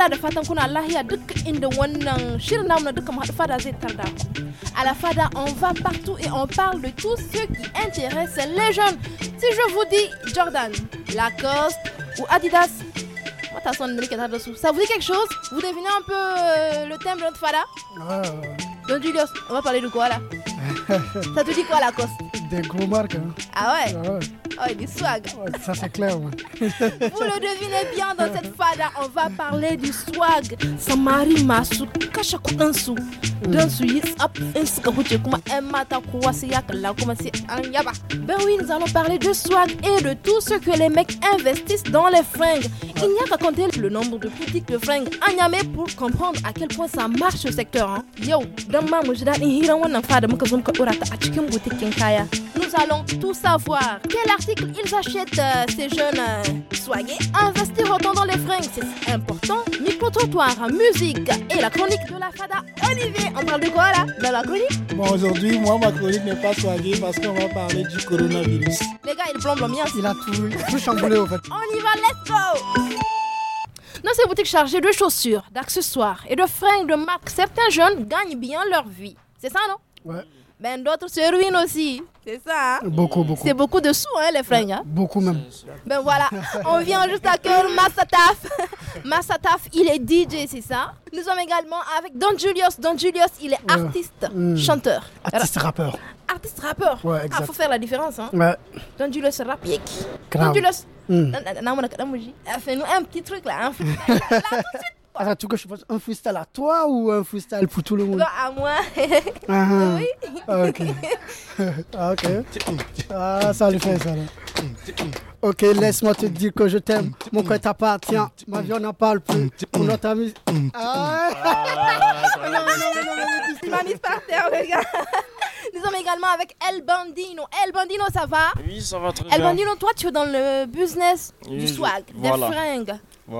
fada fatan kuna lahiya inda wannan shirin namu na duka haɗu fada zai tarda À la fada, on va partout et on parle de tout ce qui intéresse les jeunes. Si je vous dis Jordan, Lacoste ou Adidas, ça vous dit quelque chose Vous devinez un peu euh, le thème de notre fada ah. Julius, on va parler de quoi là Ça te dit quoi Lacoste Des gros marques. Hein. Ah ouais. Ah Oh, swag. ça, c'est clair. Vous le devinez bien, dans cette fada, on va parler du swag. Son mari m'a sou. cache un sou. yi tsap un kuma yaba. Ben oui, nous allons parler de swag et de tout ce que les mecs investissent dans les fringues. Il n'y a qu'à compter le nombre de boutiques de fringues à pour comprendre à quel point ça marche au secteur. Hein. Yo, Nous allons tout savoir. Quel ils achètent euh, ces jeunes. Euh, investir autant dans les fringues, c'est important. Micro-trottoir, musique et la chronique de la Fada. Olivier, on parle de quoi là Dans la chronique Bon, aujourd'hui, moi, ma chronique n'est pas soignée parce qu'on va parler du coronavirus. Les gars, il plombe bien, Il a tout, tout chamboulé en fait. On y va, let's go dans ces boutiques chargées de chaussures, d'accessoires et de fringues de marque, certains jeunes gagnent bien leur vie. C'est ça, non Ouais. Ben d'autres se ruinent aussi. C'est ça. Hein? Beaucoup, beaucoup. C'est beaucoup de sous, hein, les fringues. Hein? Beaucoup même. Ben voilà, on vient juste à cœur Massataf. Massataf, il est DJ, c'est ça. Nous sommes également avec Don Julius. Don Julius, il est artiste, chanteur. Artiste rappeur. Artiste rappeur. Ouais, exact. Ah, faut faire la différence. Hein? Ouais. Don Julius rappe, Don Julius. Fais-nous un petit truc là. Hein? là tout de suite. Attends, ah, tu veux que je fasse un freestyle à toi ou un freestyle pour tout le monde À moi. Ah, ah. oui. Ah, ok. ah, ok. Ah, ça lui fait ça. Ok, laisse-moi te dire que je t'aime. Mon cœur t'appartient. Ma vie, on n'en parle plus. On ta ami. Ah, non, non, non, non, non, par terre, les gars. Nous sommes également avec El Bandino. El Bandino, ça va Oui, ça va très bien. El Bandino, toi, tu es dans le business du swag, des fringues.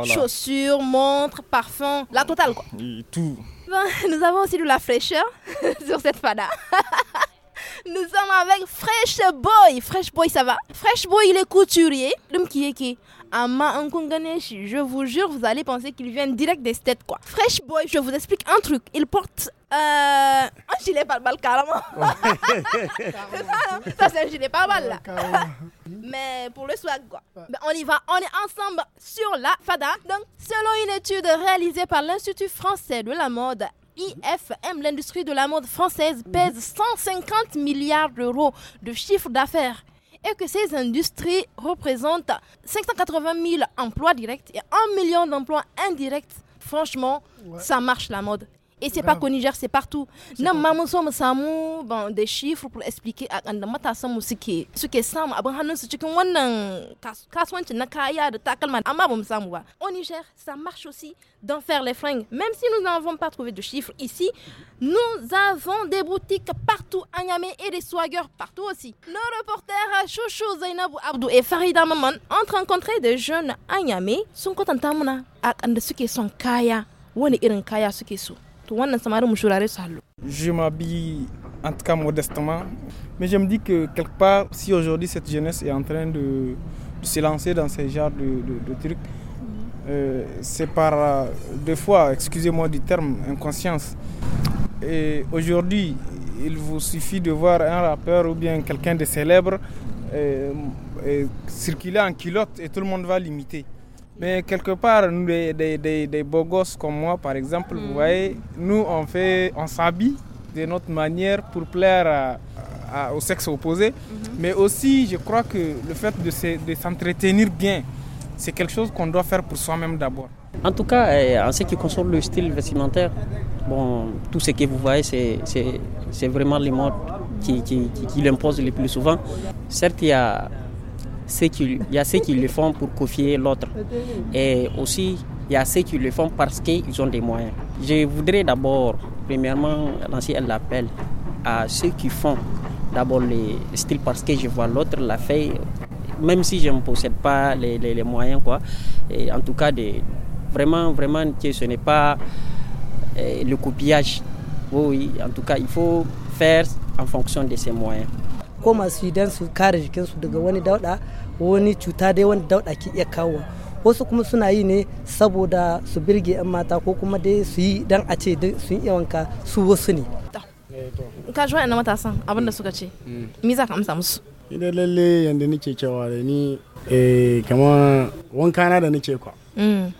Chaussures, montres, parfums, la totale quoi. tout. Ben, nous avons aussi de la fraîcheur sur cette fada. Nous sommes avec Fresh Boy. Fresh Boy, ça va Fresh Boy, il est couturier. L'homme qui qui Ama je vous jure, vous allez penser qu'il vient direct des States, quoi. Fresh Boy, je vous explique un truc. Il porte euh, un gilet pare-balles carrément. c'est ça, hein. ça c'est un gilet pare-balles là. Mais pour le swag quoi. on y va, on est ensemble sur la FADA. Donc, selon une étude réalisée par l'Institut français de la mode, IFM, l'industrie de la mode française, pèse 150 milliards d'euros de chiffre d'affaires et que ces industries représentent 580 000 emplois directs et 1 million d'emplois indirects. Franchement, ça marche la mode. Et c'est pas qu'au Niger, c'est partout. Nous avons bon, des chiffres pour expliquer à ce qui est. Ce qui est samu, abin hannun su cikin wannan na kaya da ta amma ba mu samu ba. Au Niger, ça marche aussi d'en faire les fringues. Même si nous n'avons pas trouvé de chiffres ici, nous avons des boutiques partout à Niamey et des swaggers partout aussi. Nos reporters Chouchou Zainabou Abdou et Farida Maman ont rencontré des jeunes à Niamey. sont sont contents. ce qui suke son kaya, wani irin kaya suke so je m'habille en tout cas modestement mais je me dis que quelque part si aujourd'hui cette jeunesse est en train de, se lancer dans ce genre de, trucs euh, c'est par euh, des fois, excusez-moi du terme, inconscience. Et aujourd'hui, il vous suffit de voir un rappeur ou bien quelqu'un de célèbre euh, circuler en culotte et tout le monde va l'imiter. Mais quelque part, nous, des, des, des, beaux gosses comme moi, par exemple, vous hmm. voyez, nous, on, fait, on s'habille de notre manière pour plaire au sexe opposé. Hmm. Mais aussi, je crois que le fait de s'entretenir bien, c'est quelque chose qu'on doit faire pour soi-même d'abord. En tout cas, eh, en ce qui concerne le style vestimentaire, bon, tout ce que vous voyez, c'est vraiment les modes qui, qui, qui, qui l'imposent le plus souvent. Certes, il y a il y a ceux qui le font pour confier l'autre. Et aussi, il y a ceux qui le font parce qu'ils ont des moyens. Je voudrais d'abord, premièrement, lancer un appel à ceux qui font d'abord le style parce que je vois l'autre l'a fait, même si je ne possède pas les, les, moyens. Quoi. Et en tout cas, de, vraiment, vraiment, ce n'est pas euh, le copiage. Oui, en tout cas, il faut faire en fonction de ses moyens. ko masu yi don su kare jikinsu daga wani dauda wani cuta dai wani dauda ke iya kawo wasu kuma suna yi ne saboda su birge 'yan mata ko kuma dai su yi don a ce sun iya wanka su wasu ne ka ji waɗannan matasan abin da suka ce mm. me za ka amsa musu ina lalle yadda nake cewa da ni eh, kama wanka na da nake kwa mm.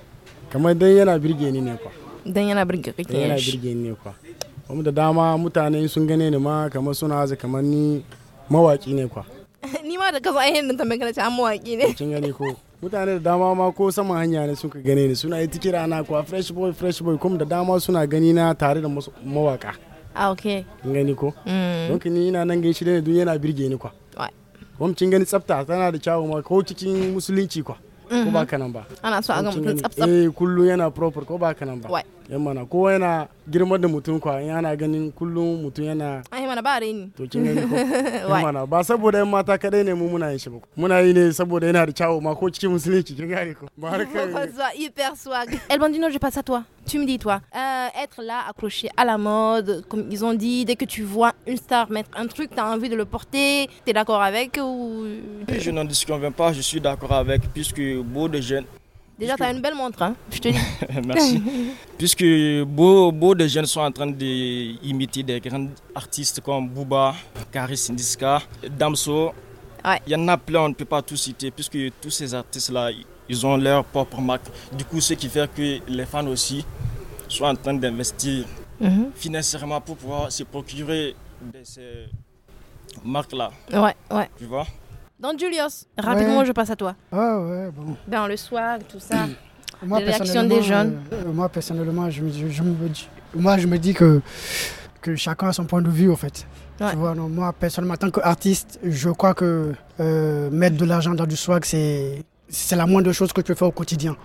kamar dan yana birge ni ne kwa dan yana birge kake yana birge ni ne kwa kuma da dama mutane sun gane ni ma kamar suna haza kamar ni mawaki ne kwa ni ma da kasa ainihin ta magana ce an mawaki ne kin gani ko mutane da dama ma ko saman hanya ne suka gane ni suna yi tikira na kuwa fresh boy fresh boy kuma da dama suna gani na tare da mawaka a ah, ok kin gani ko mm. don ni ina nan shi da duniya na birge ni kwa kuma kin gani tsafta tana da kyawu ma ko cikin musulunci kwa ko mm-hmm. ba kanan ba ana so a ga mutum tsaf tsaf eh kullum yana proper ko ba kanan ba yan mana ko yana girma da mutum kwa yana ganin kullum mutum yana ai mana ba reni to kin gani ko mana ba saboda yan mata kadai ne mu muna yin shi ba muna yi ne saboda yana da kyawu ma ko cikin musulunci kin gane ko ba harkar hyper swag El Bandino je passe à toi tu me dis toi euh, être là accroché à la mode comme ils ont dit dès que tu vois une star mettre un truc tu as envie de le porter tu es d'accord avec ou je n'en disconviens pas je suis d'accord avec puisque beaucoup de jeunes Déjà, tu as une belle montre, hein, je te dis. Merci. Puisque beaucoup de jeunes sont en train d'imiter des grands artistes comme Booba, Karis Indiska, Damso. Il y en a plein, on ne peut pas tout citer, puisque tous ces artistes-là, ils ont leur propre marque. Du coup, ce qui fait que les fans aussi sont en train d'investir mhm. financièrement pour pouvoir se procurer ces marques-là. Ouais, ouais. Tu vois donc, Julius, rapidement, je passe à toi. Ah ouais, bon. Dans ben, le swag, tout ça. moi, les des jeunes. Euh, moi, personnellement, je me, dis, moi, je me dis que, que chacun a son point de vue, en fait. Tu vois, non, moi, personnellement, en tant qu'artiste, je crois que euh, mettre de l'argent dans du swag, c'est la moindre chose que tu fais au quotidien.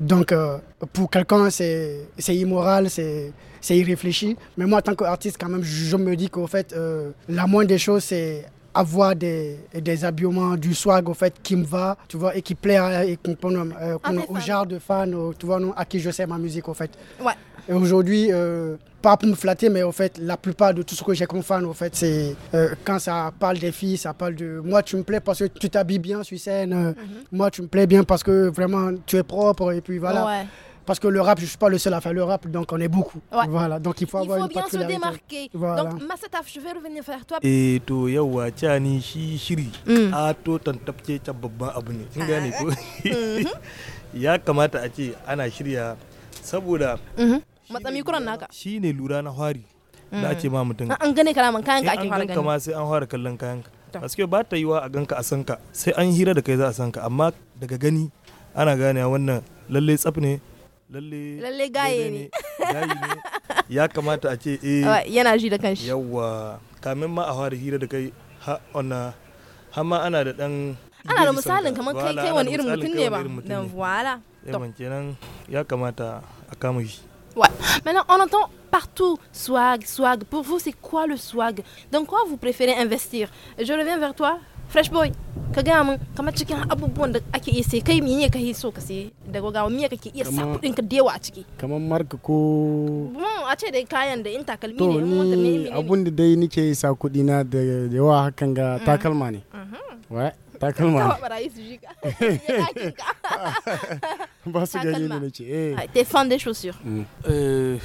Donc, euh, pour quelqu'un, c'est immoral, c'est irréfléchi. Mais moi, en tant qu'artiste, quand même, je me dis qu'en fait, la moindre des choses, c'est avoir des, des habillements, du swag au fait qui me va, tu vois, et qui plaît et qu'on, euh, ah, au genre de fan, euh, tu vois, à qui je sers ma musique au fait. Et aujourd'hui, euh, pas pour me flatter, mais au fait, la plupart de tout ce que j'ai comme fan, fait, c'est quand ça parle des filles, ça parle de moi, tu me plais parce que tu t'habilles bien sur scène, mhm. moi, tu me plais bien parce que vraiment, tu es propre, et puis voilà parce que le rap, je ne suis pas le seul à faire le rap, donc on est beaucoup. Ouais. Voilà, donc il faut avoir il faut une bien se démarquer. Voilà. Donc Masataf, je vais revenir vers toi. Et to yawa Tiani, shi shiri mm. a to tantapce ta babban abu ne. gane ah. ko? Mm-hmm. Ya kamata a ce ana shirya saboda mm-hmm. matsami kuran naka. Shi ne lura na hari. Da ce mm. ma mutum. Ah, an gane kalaman kayan ka ake fara gani. An ganka sai an fara kallon kayan ka. Parce que ba ta yiwa a ganka a sanka sai an hira da kai za a sanka amma daga gani ana ganewa wannan lalle tsaf ne lalle lalle gaye ne ya kamata a ce eh yana ji da kanshi yawa kamin ma a fara hira da kai ha ona har ma ana da dan ana da misalin kamar kai kai wani irin mutum ne ba dan voilà donc eh, kenan ya kamata a kama shi Ouais. Maintenant, on entend partout swag, swag. Pour vous, c'est quoi le swag Dans quoi vous préférez investir Je reviens vers toi, fresh boy ka gaya min kamar cikin abubuwan da ake iya sai kai so ka sai daga miye kake iya kudin ka a ciki kamar marka ko mun a ce dai kayan da in takalmi ne mun wanda ne abun da dai nike sa kudi na da yawa hakan ga mm-hmm. takalma ne mm-hmm. ba su ne eh. ah, t'es fan des chaussures euh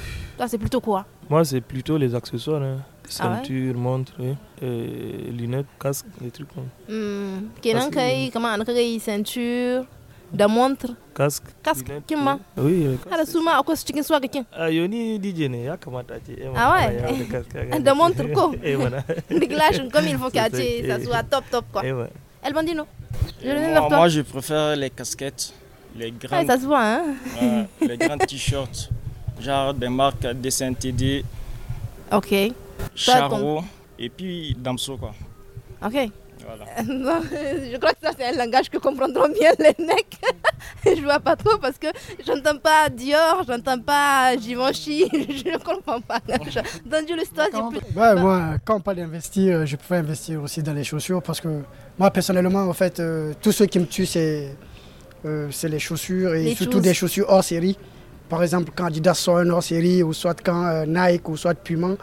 c'est plutôt quoi moi, c'est plutôt les accessoires. Hein. Ah ceinture, montre, hein. Euh, lunettes, casque, les trucs comme ça. Hmm. que Comment on crée ceinture de montre casque casque kin ma oui har su ma akwai su cikin Il y a yoni dj ne ya kamata ce dit? Eh, ah ouais De montre quoi Et voilà Déglage comme il faut que ce ça soit top top quoi eh, Elle ouais El Bandino je toi moi je préfère les casquettes les grandes ça se voit hein les grands t-shirts genre des marques saint Ok. Charo et puis Damso quoi. Ok. je crois que ça c'est un langage que comprendront bien les mecs. je vois pas trop parce que j'entends pas Dior, j'entends pas Givenchy, je ne comprends pas. Dans du l'histoire, moi, quand on parle d'investir, euh, je pourrais investir aussi dans les chaussures parce que moi personnellement, en fait, euh, tous ceux qui me tuent euh, c'est les chaussures et surtout des chaussures hors série par exemple, quand Adidas sort une hors-série, ou soit quand euh, Nike, ou soit Puma,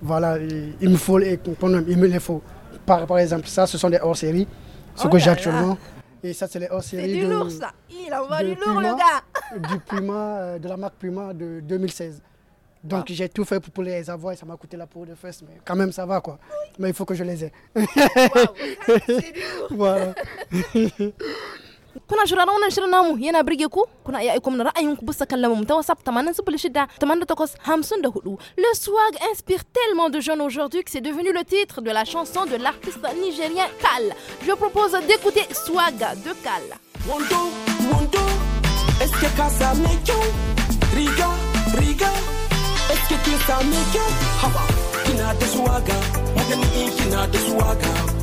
voilà, il me faut, il me les faut. Par, exemple, ça, ce sont des hors-séries, ce oh que j'ai actuellement. Et ça, c'est les hors-séries. C'est du lourd, ça. Il envoie du lourd, le gars. du Puma, euh, de la marque Puma de 2016. Donc, ah. j'ai tout fait pour les avoir et ça m'a coûté la peau de fesse, mais quand même, ça va quoi. Mais il faut que je les ai. voilà. kuna shirarren wannan shirin namu yana birge ku kuna iya aiko mana ra'ayinku bisa kan lamarin ta WhatsApp 806854. Le swag inspire tellement de jeunes aujourd'hui que c'est devenu le titre de la chanson de l'artiste nigérien Kal. Je propose d'écouter Swag de Kal. Wondo, wondo, est-ce que casa meyo? Riga, riga, est-ce que tu es kisa meyo? Hawa, kina da swaga, magani kina da swaga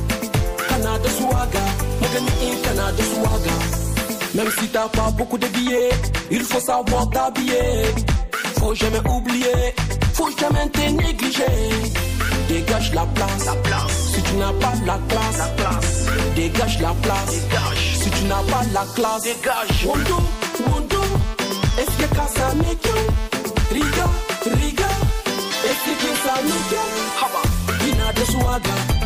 même si t'as pas beaucoup de billets il faut savoir t'habiller faut jamais oublier faut jamais te négliger dégage la place, la place. si tu n'as pas la classe, la place. dégage la place si tu n'as pas la classe dégage Wondo, Wondo, est-ce que ça me Riga, Riga, est-ce que ça me Haba, il de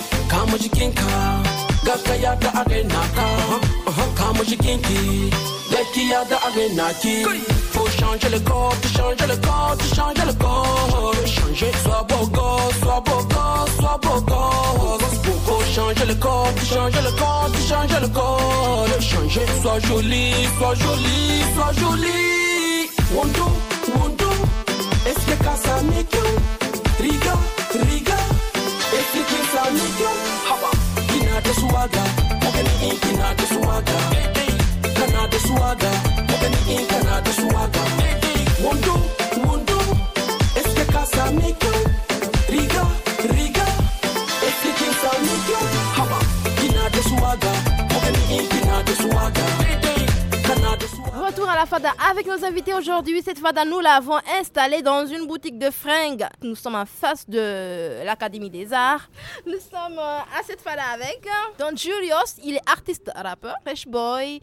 jikinka uh-huh, faut changer le corps tu le corps tu le corps changer soit beau gosse beau gosse beau le corps tu le corps tu le corps changer soit joli soit joli soit joli mon est-ce que ça If you can fly, you Kina da suwaga, kana da suwaga. Kana da suwaga, maganin kana da suwaga. avec nos invités aujourd'hui. Cette fois-là, nous l'avons installé dans une boutique de fringues. Nous sommes en face de l'Académie des Arts. Nous sommes euh, à cette fois-là avec euh, Don Julius, il est artiste rappeur, Fresh Boy,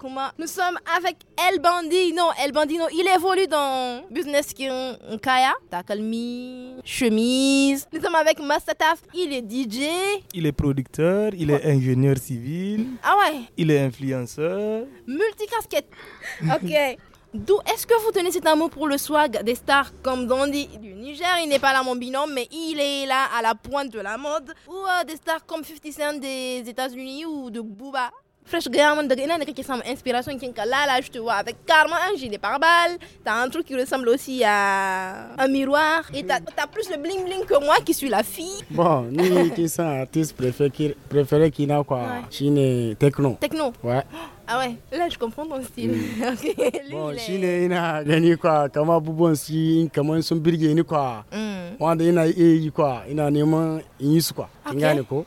Kuma. Nous sommes avec El Bandino. El Bandino, il évolue dans Business Kaya, Takalmi, Chemise. Nous sommes avec Mastataf, il est DJ. Il est producteur, il est ingénieur civil. Ah ouais. Il est influenceur. Multicasquette. ok. D'où est-ce que vous tenez cet amour pour le swag des stars comme Dandy du Niger Il n'est pas là mon binôme, mais il est là à la pointe de la mode. Ou euh, des stars comme 50 Cent des États-Unis ou de Booba. Fresh qui mon inspiration. Là, là, je te vois avec Karma, un gilet pare-balles. T'as un truc qui ressemble aussi à un miroir. Et t'as plus le bling-bling que moi qui suis la fille. Bon, nous, qui sommes artistes préférés, qu'il qui n'a quoi Chine Techno. Techno. Ouais. Oh, ah ouais, là je comprends ton style. Mm. okay. bon, il ina quoi? kwa kama abubuwan su yi kamar sun birge ni kwa mm. wanda ina iya yi kwa ina neman in su kwa. ko?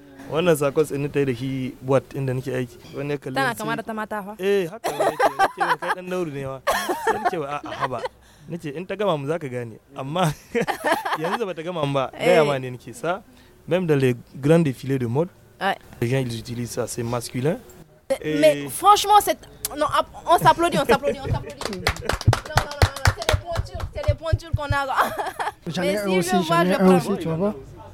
wannan sakos in ta da shi bot inda nake aiki wani kalli tana kama da ta fa eh haka ne ke kai dan nauru ne ma sai nake a a haba nace in ta gama mu zaka gane amma yanzu bata gama ba eh. gaya ma ne nake sa même dans les grands défilés de mode les gens ils utilisent ça c'est masculin mais franchement c'est non on s'applaudit on s'applaudit on s'applaudit non non non, c'est des pointures c'est des pointures qu'on a j'en ai si aussi j'en ai un aussi tu vois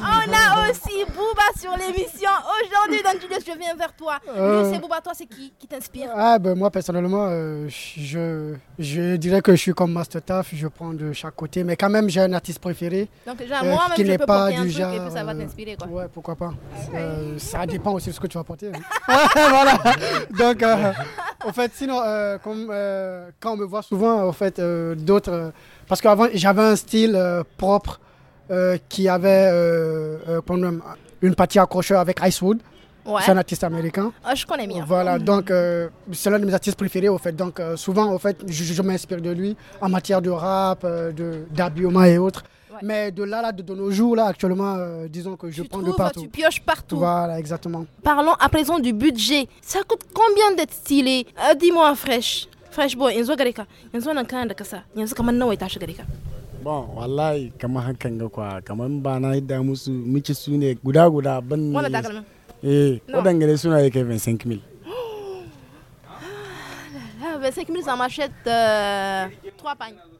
On a aussi Bouba sur l'émission aujourd'hui. Donc, je viens vers toi. Euh. c'est Toi, c'est qui qui t'inspire ah, ben, Moi, personnellement, euh, je, je dirais que je suis comme Master Taf. Je prends de chaque côté. Mais quand même, j'ai un artiste préféré. Donc, déjà, euh, moi, euh, qui n'est pas du genre. Et ça va t'inspirer. Quoi. Ouais, pourquoi pas. ça dépend aussi de ce que tu vas porter. Hein. voilà. Donc, en fait, sinon, comme, quand on me voit souvent, en fait, d'autres. parce qu'avant, j'avais un style propre euh, qui avait euh, euh une partie accrocheur avec Icewood. C'est un artiste américain. Ah, je connais bien. Voilà, donc euh, c'est l'un de mes artistes préférés au fait. Donc souvent, au fait, je, m'inspire de lui en matière de rap, euh, et autres. Mais de là, là de, nos jours, là, actuellement, disons que je prends de partout. Tu pioches partout. Voilà, exactement. Parlons à présent du budget. Ça coûte combien d'être stylé Dis-moi, fraîche. Fresh, bon, il y a un bon wallahi kamar hakan ga kwa kamar ba na yadda musu miki su ne guda guda ban wala takalma eh wadan gare suna yake 25000 mil 25 mil ça m'achète euh, 3 pagnes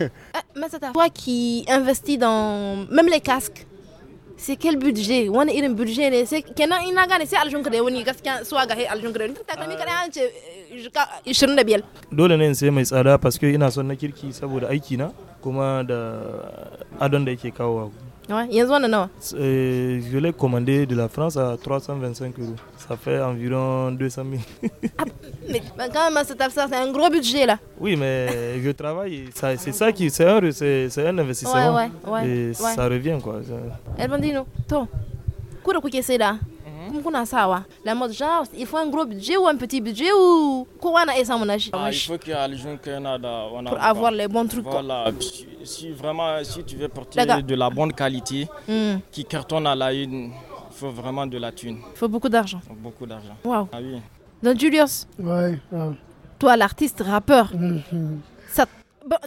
euh, mais c'est toi qui investis dans même les casques c'est quel budget a un budget ne sai y ina gane sai aljun eh, que gaskiya il son non? Euh, je l'ai commandé de la France à 325 euros. Ça fait environ 200 000. Ah, mais quand même, c'est un gros budget là. Oui, mais je travaille. C'est ça qui. C'est un, un, investissement. Ouais, ouais, et ça revient quoi. Elle dit Toi, que c'est là la mode, il faut un gros budget ou un petit budget ou quoi ah, Il faut qu'il y Pour avoir les bons trucs. Si, vraiment, si tu veux porter de la bonne qualité, hmm. qui cartonne à la une, il faut vraiment de la thune. Il faut beaucoup d'argent. Beaucoup d'argent. Wow. Ah Donc, Julius. Toi, l'artiste, rappeur. Hmm, hmm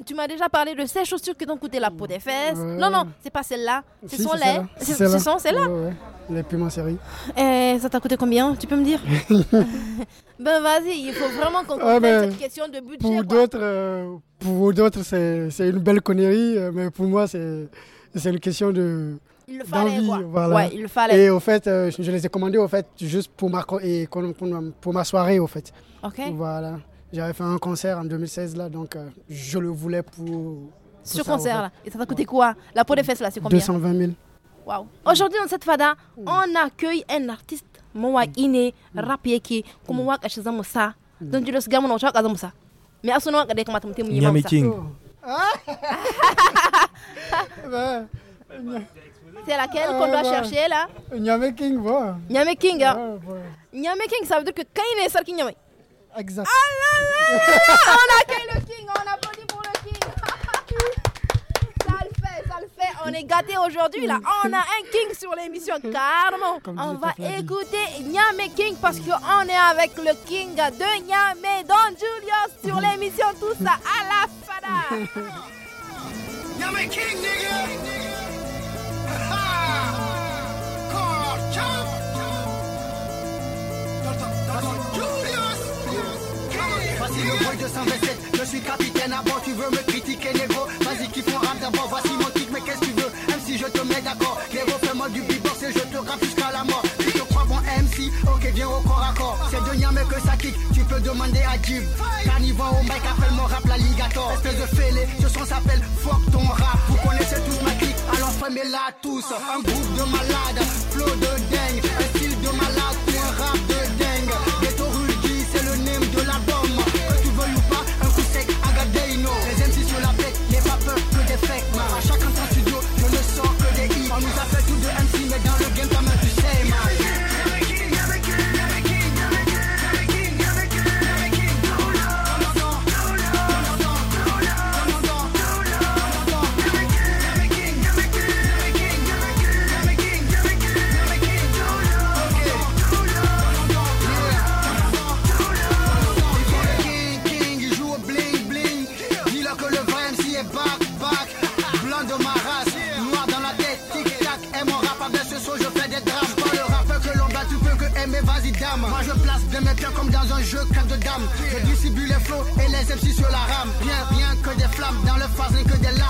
tu m'as déjà parlé de ces chaussures qui t'ont coûté la peau des fesses. Non, Non, non, c'est pas celle-là. Ce sont Ce sont celles-là. Ouais, ouais. Les Puma série. Et eh, ça t'a coûté combien Tu peux me dire Ben vas-y, il faut vraiment qu'on ah, comprenne ben, cette question de budget. Pour d'autres, euh, pour d'autres, c'est une belle connerie, euh, mais pour moi, c'est une question de. Il le fallait, il le fallait. Et au fait, euh, je les ai commandés au fait juste pour ma, et, pour ma soirée au fait. Ok. Voilà. J'avais fait un concert en 2016 là, donc euh, je le voulais pour. sur concert là. Et ça t'a coûté quoi La peau des fesses là, c'est combien 220 000. Waouh. Aujourd'hui, dans cette fada, mm. on accueille un artiste, Mowa mm. mm. rapier qui comme Mowa Kachizamosa. Donc, je le sais, Gamon, Chaka ça. Mais à son nom, regardez comment tu King. C'est laquelle qu'on doit chercher là Nyame King, voilà. Nyame King, hein. Nyame King, ça veut dire que quand il est sorti, Nyame. Exact. Ah on accueille le King, on applaudit pour le King. ça le fait, ça le fait. On est gâté aujourd'hui là. On a un King sur l'émission, carrément. On va écouter Nyame King parce qu'on est avec le King de Nyame Don Julius sur l'émission. Tout ça à la fada. Nyame King, nigga. je suis capitaine à bord, tu veux me critiquer, négro Vas-y, qui font rap d'abord, voici mon kick, mais qu'est-ce que tu veux Même si je te mets d'accord, négro, fais-moi du beatbox et je te rappe jusqu'à la mort. Tu te crois bon MC, ok, viens au corps à corps. C'est de mais que ça kick, tu peux demander à Jim. Carnivore au mec, appelle mon rap l'alligator. Espèce de fêlé, ce son s'appelle Fuck ton rap. Vous connaissez tous ma clique, alors fermez-la tous. Un groupe de malades. Même si sur la rame, bien, bien que des flammes. Dans le phase, que des lames.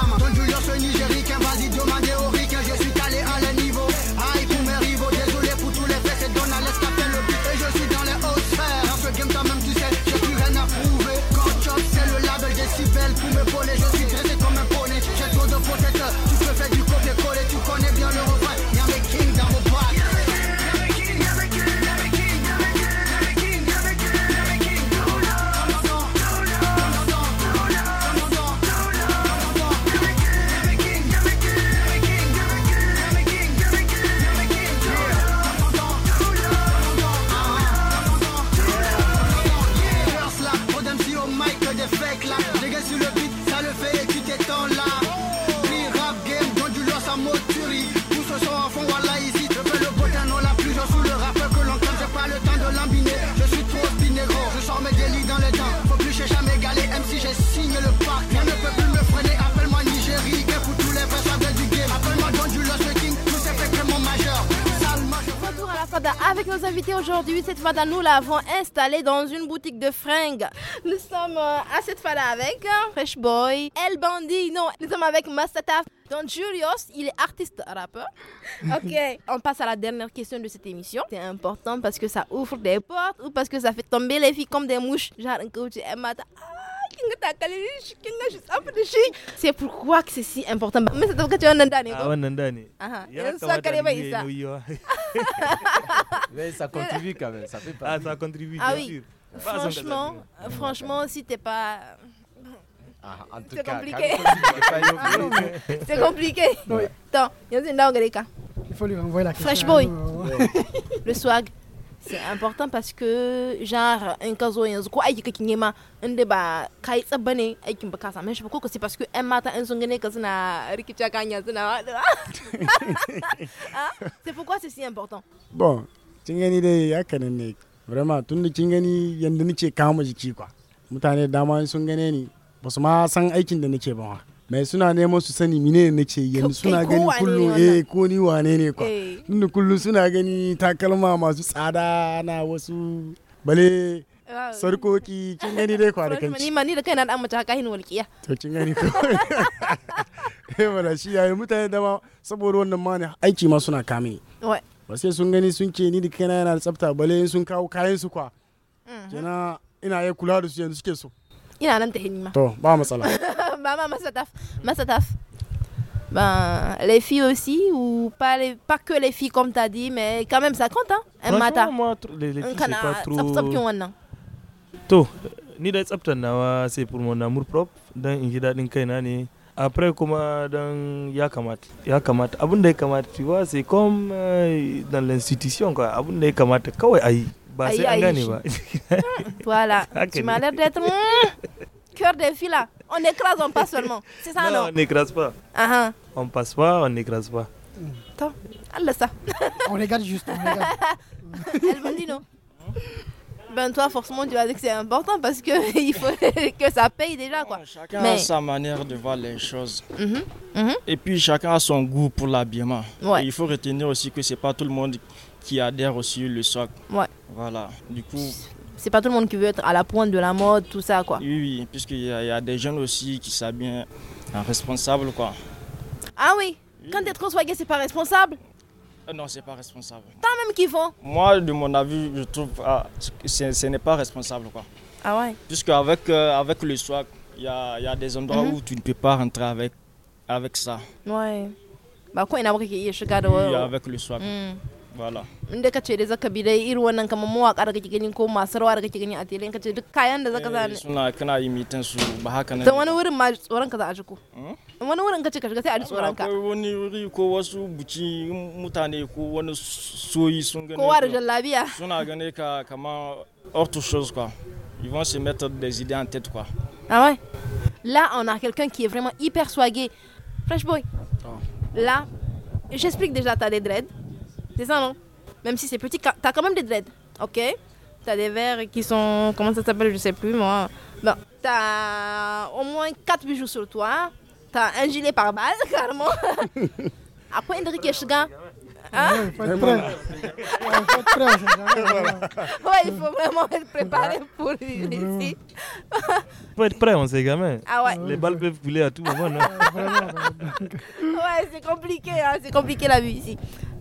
aujourd'hui, cette fois-là, nous l'avons installée dans une boutique de fringues. Nous sommes euh, à cette fois-là avec euh, Fresh Boy, El Non, Nous sommes avec Mastataf. Donc, Julius, il est artiste rappeur. Ok, on passe à la dernière question de cette émission. C'est important parce que ça ouvre des portes ou parce que ça fait tomber les filles comme des mouches. Genre, un coach, elle c'est pourquoi que c'est si important. Mais c'est parce que tu as un andane. Ah, un andane. Ah, ah. Mais ça contribue quand même. Ça fait pas. Ah, ça contribue, ah, oui. sûr. Franchement, ah, franchement, si t'es pas. Ah, en tout c'est compliqué. c'est compliqué. Attends, il y a Il faut lui envoyer la question. Fresh boy. Le swag c'est important parce que genre un ka zo yanzu ko qui kake nema inda ba kai tsabba ne aikin ba ka same shi ba ko c'est parce que ƴan mata in sun gane ka suna rikice ka hanya suna ah, ah. ah, c'est pourquoi c'est si important bon kin gani dai haka nan ne vraiment tun da kin gani yanda nake kama jiki kwa mutane dama sun gane ni ba su ma san aikin da nake ba mai suna neman su sani mine ne ce yanzu suna gani kullum eh ko ni wane ne kwa eh. tunda kullum suna gani takalma masu tsada na wasu bale ah. sarkoki kin gani dai kwa da kanci ni ma ni da kaina dan mace haka hin walƙiya to kin gani ko eh wala shi yayi mutane da ma saboda wannan ma ne aiki ma suna kame ba sai sun gani sun ce ni da kaina yana da tsafta bale sun kawo kayan su kwa kenan mm-hmm. ina yi kula da su yanzu suke so ina nan ta hinima to ba matsala ba ma masa taf masa taf ben, les filles aussi, ou pas, les, pas que les filles comme tu as dit, mais quand même ça compte, hein, un matin. Moi, les, les filles, c'est pas trop... To, ni da tsaftar nawa c'est pour mon amour propre dans in ji dadin kaina ne. Après kuma dans ya kamata, ya kamata abin da tu vois c'est comme euh, dans l'institution quoi, abin da ya kamata Voilà. Ah, tu m'as l'air d'être hmm, cœur de filles là. On écrase, on passe seulement. C'est ça, non, On n'écrase pas. Uh On passe pas, on n'écrase pas. Attends, elle ça. on regarde juste. elle me dit non. Ben toi, forcément, tu vas dire que c'est important parce il faut que ça paye déjà. Quoi. Chacun a sa manière de voir les choses. Mm Et puis chacun a son goût pour l'habillement. Ouais. Il faut retenir aussi que c'est pas tout le monde qui adhèrent aussi le SWAG. Ouais. Voilà. Du coup. C'est pas tout le monde qui veut être à la pointe de la mode, tout ça, quoi. Oui, oui, puisqu'il y, a des jeunes aussi qui s'habillent en responsable, quoi. Ah oui, Quand être ce c'est pas responsable euh, non, c'est pas responsable. Tant même qu'ils font Moi, de mon avis, je trouve que ah, ce n'est pas responsable. Quoi. Ah ouais Puisque avec, euh, avec le swag, il y a, y a, des endroits mhm. où tu ne peux pas rentrer avec, avec ça. Ouais. Bah, quoi, il y a euh. avec le swag wala inda ka ce zaka bi dai irin wannan kamar mawaka da kake gani ko masu rawa da kake gani a tele ka ce duk kayan da zaka zane suna kana yi mitan su ba haka nan wani wurin ma tsoron ka za a ji wani wurin ka ce ka shiga sai a ji tsoron ka akwai wani wuri ko wasu buci mutane ko wani soyi sun gane kowa da jallabiya suna gane ka kamar autre chose quoi ils vont se mettre des idées en tête quoi ah ouais là on a quelqu'un qui est vraiment hyper swagué fresh boy oh. là j'explique déjà ta des dreads c'est ça, non Même si c'est petit, t'as quand même des dreads, ok T'as des verres qui sont. Comment ça s'appelle Je sais plus, moi. Bon, t'as au moins 4 bijoux sur toi. T'as un gilet par balle, carrément. Après, Hendrik Hein ouais, il faut être prêt. ouais, il faut vraiment être préparé pour ici. Il faut être prêt, on sait gamin. Ah ouais. Les balles peuvent couler à tout moment. Non ouais, c'est compliqué, hein, c'est compliqué la vie ici.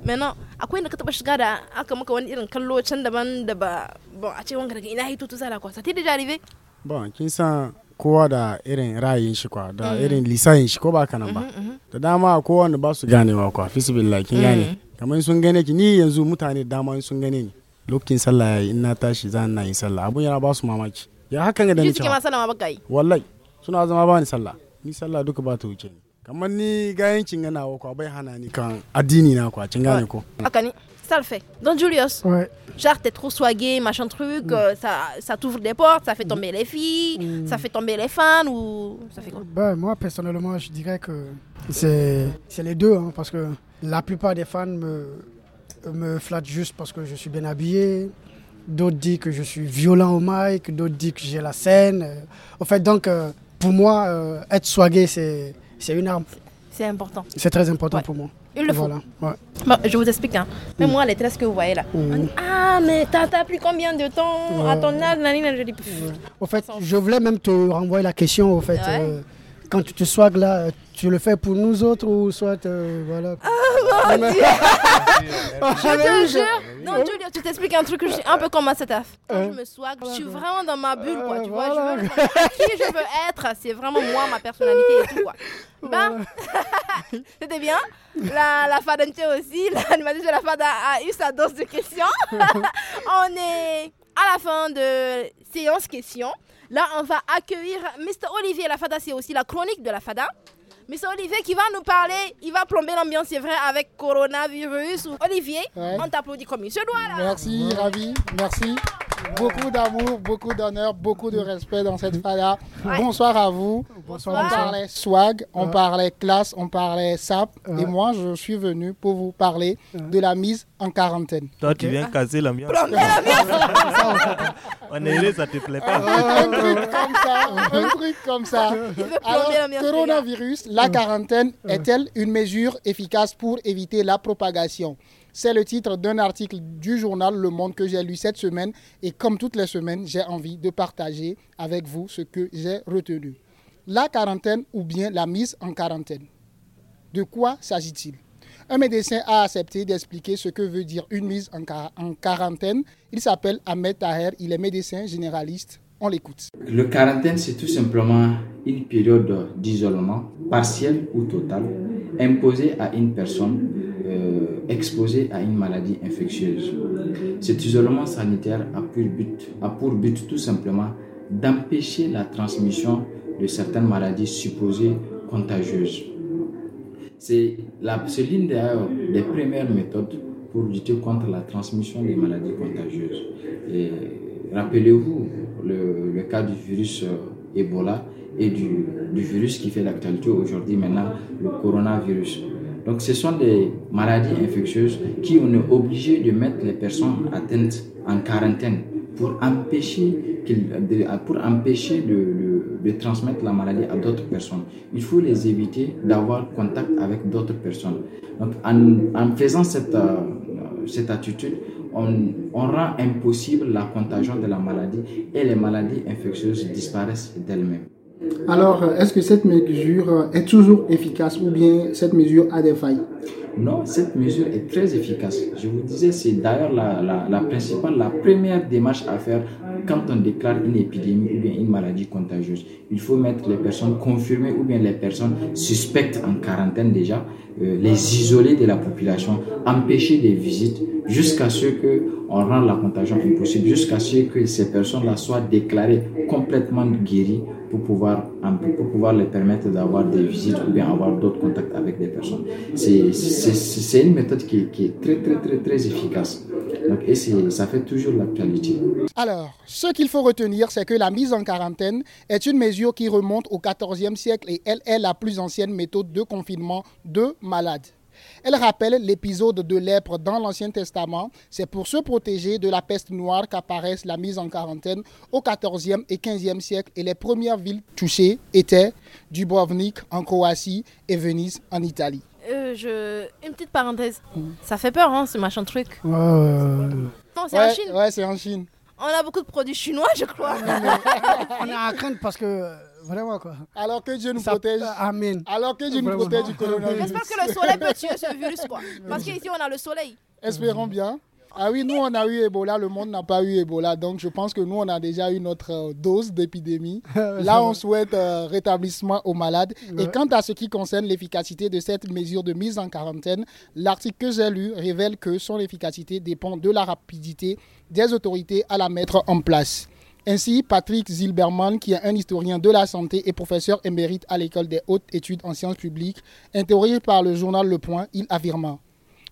menon akwai da ka taba shiga da aka maka wani irin kallo can daban da ba a ce wanga daga ina hito tu zara kwasa tidi jarive bon kin san kowa da irin ra'ayin shi kwa da mm. irin lisayin shi ko ba kana ba mm-hmm, mm-hmm. da dama kowa wanda ba su ganewa kwa fisibillah kin gane mm. kamar sun gane ki ni yanzu mutane dama sun gane ni lokacin sallah yayi in na tashi zan na yi sallah abun yana ba su mamaki ya hakan ga da ni yi. wallahi suna zama ba ni sallah ni sallah duka ba ta wuce ni kamar ni kan na ça le fait donc Julius ouais. genre t'es trop swagué machin truc mm. ça, ça t'ouvre des portes ça fait tomber mm. les filles mm. ça fait tomber les fans ou ça fait quoi ben, moi personnellement je dirais que c'est les deux hein, parce que la plupart des fans me me flattent juste parce que je suis bien habillé d'autres disent que je suis violent au mic d'autres disent que j'ai la scène en fait donc euh, pour moi euh, être swagué c'est c'est une arme. C'est important. C'est très important pour moi. Il le faut. je vous explique. Hein. Même mm. moi, les traces que vous voyez là. Mm. On dit, ah, mais t'as plus combien de temps à ton âge Je dis, Au fait, je voulais même te renvoyer la question. Au fait, euh, quand tu te soignes là, tu le fais pour nous autres ou soit. Euh, voilà. Ah, mon ah, Je non, Julio, tu t'expliques un truc je suis un peu comme un Quand je me soigne, je suis vraiment dans ma bulle, quoi. Tu vois, je veux qui je veux être. C'est vraiment moi, ma personnalité et tout, quoi. Bah, c'était bien. La, la aussi. aussi, l'animatrice de la Fada a eu sa dose de questions. on est à la fin de séance questions. Là, on va accueillir Mr. Olivier. La Fada, c'est aussi la chronique de la Fada c'est Olivier qui va nous parler, il va plomber l'ambiance, c'est vrai, avec coronavirus. Olivier, on t'applaudit comme il se doit. Là. Merci, ravi, merci. Beaucoup d'amour, beaucoup d'honneur, beaucoup de respect dans cette fada. Bonsoir à vous. On parlait swag, on parlait classe, on parlait sap. Et moi, je suis venu pour vous parler de la mise en quarantaine. Toi, tu viens casser l'ambiance. on est là, ça te plaît pas. Ah, un truc comme ça. Un truc coronavirus, la mm. quarantaine est-elle une mesure efficace pour éviter la propagation C'est le titre d'un article du journal Le Monde que j'ai lu cette semaine et comme toutes les semaines, j'ai envie de partager avec vous ce que j'ai retenu. La quarantaine ou bien la mise en quarantaine. De quoi s'agit-il un médecin a accepté d'expliquer ce que veut dire une mise en, quarantaine. Il s'appelle Ahmed Taher, il est médecin généraliste on l'écoute. Le quarantaine, c'est tout simplement une période d'isolement partiel ou total imposée à une personne euh, exposée à une maladie infectieuse. Cet isolement sanitaire a pour but, a pour but tout simplement d'empêcher la transmission de certaines maladies supposées contagieuses. C'est l'une des, euh, des premières méthodes pour lutter contre la transmission des maladies contagieuses rappelez-vous le, cas du virus euh, Ebola et du, virus qui fait l'actualité aujourd'hui maintenant, le coronavirus. Donc ce sont des maladies infectieuses qui ont obligé de mettre les personnes atteintes en quarantaine pour empêcher, pour empêcher de, transmettre la maladie à d'autres personnes. Il faut les éviter d'avoir contact avec d'autres personnes. Donc en, faisant cette euh, attitude, on, rend impossible la contagion de la maladie et les maladies infectieuses disparaissent d'elles-mêmes. Alors, est-ce que cette mesure est toujours efficace ou bien cette mesure a des failles non, cette mesure est très efficace. Je vous disais, c'est d'ailleurs la, principale, la première démarche à faire quand on déclare une épidémie ou bien une maladie contagieuse. Il faut mettre les personnes confirmées ou bien les personnes suspectes en quarantaine déjà, euh, les isoler de la population, empêcher des visites jusqu'à ce que on rende la contagion impossible, jusqu'à ce que ces personnes-là soient déclarées complètement guéries pour pouvoir, pour pouvoir les permettre d'avoir des visites ou bien avoir d'autres contacts avec des personnes. C'est une méthode qui, est très, très, très, très efficace. Donc, et ça fait toujours l'actualité. Alors, ce qu'il faut retenir, c'est que la mise en quarantaine est une mesure qui remonte au 14e siècle et elle est la plus ancienne méthode de confinement de malades. Elle rappelle l'épisode de lèpre dans l'Ancien Testament. C'est pour se protéger de la peste noire qu'apparaissent la mise en quarantaine au XIVe et XVe siècle et les premières villes touchées étaient Dubrovnik en Croatie et Venise en Italie. Euh, je... Une petite parenthèse. Ça fait peur, hein, ce machin truc. Non, c'est en Chine. c'est en Chine. On a beaucoup de produits chinois, je crois. on a à craindre parce que Vraiment quoi. Alors que Dieu nous protège. Amen. Alors que Dieu nous protège du coronavirus. J'espère que le soleil peut tuer ce virus quoi. Parce qu'ici on a le soleil. Espérons bien. Ah oui, nous on a eu Ebola, le monde n'a pas eu Ebola. Donc je pense que nous on a déjà eu notre euh, dose d'épidémie. Là on souhaite euh, rétablissement aux malades. Et quant à ce qui concerne l'efficacité de cette mesure de mise en quarantaine, l'article que j'ai lu révèle que son efficacité dépend de la rapidité des autorités à la mettre en place. Ainsi, Patrick Zilberman, qui est un historien de la santé et professeur émérite à l'école des hautes études en sciences publiques, interrogé par le journal Le Point, il affirma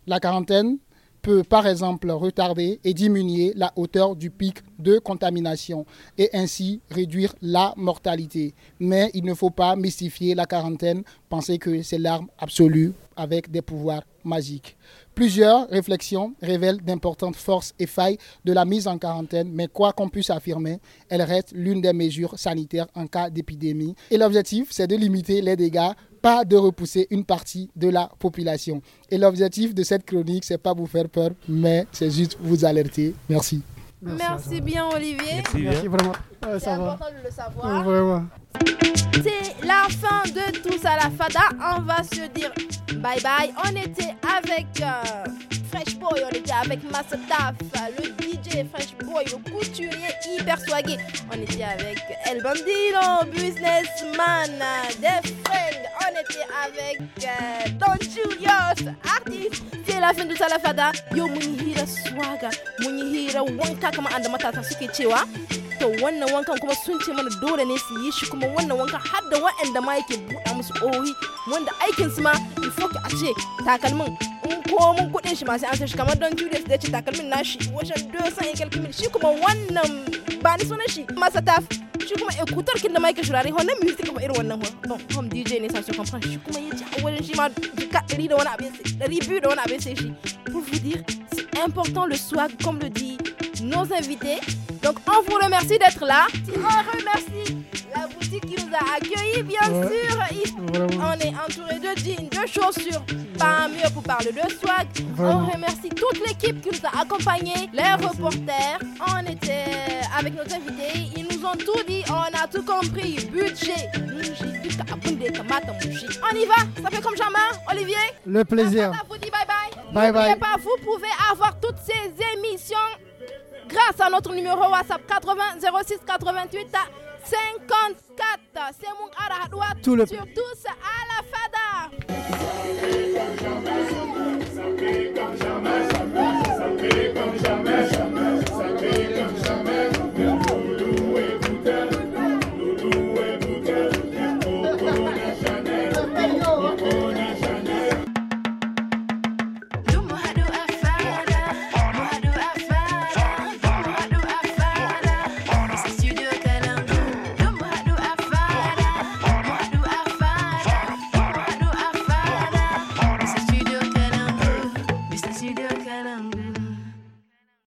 La quarantaine peut par exemple retarder et diminuer la hauteur du pic de contamination et ainsi réduire la mortalité. Mais il ne faut pas mystifier la quarantaine, penser que c'est l'arme absolue avec des pouvoirs magiques. Plusieurs réflexions révèlent d'importantes forces et failles de la mise en quarantaine, mais quoi qu'on puisse affirmer, elle reste l'une des mesures sanitaires en cas d'épidémie. Et l'objectif, c'est de limiter les dégâts pas de repousser une partie de la population. Et l'objectif de cette chronique, c'est pas vous faire peur, mais c'est juste vous alerter. Merci. Merci, bien, Olivier. Merci, vraiment. Euh, c'est important de le savoir. c'est la fin de tout ça. la fada. On va se dire Bye bye, on était avec euh, Fresh Boy, on était avec Taff, le DJ Fresh Boy, le couturier hyper swagué. On était avec El Bandino, businessman des Friend, On était avec euh, Don Julius, artiste. C'est la fin de Salafada. Yo, Munihira Swaga, Munihira Wanka, kama to wannan wankan kuma sun ce dole ne wanda ma a ce takalmin in ko mun kuɗin shi masu an shi kamar don Julius da ce takalmin nashi wajen dosan ya kalkimin shi kuma wannan ba ni sunan shi masa shi kuma da ma yake wannan music ba irin wannan DJ ne shi kuma yace a shi ma pour vous dire c'est important le swag comme le dit nos invités. Donc, on vous remercie d'être là. On remercie la boutique qui nous a accueillis, bien sûr. On est entouré de jeans, de chaussures, pas mieux pour parler de swag. On remercie toute l'équipe qui nous a accompagnés, les reporters. On était avec nos invités, ils nous ont tout dit, on a tout compris. Budget, on y va, ça fait comme jamais, Olivier. Le plaisir. Bye bye. Bye bye. Pas, vous pouvez avoir toutes ces émissions grâce à notre numéro WhatsApp 80 06 88 54. C'est mon arahadoua sur tous à la fada.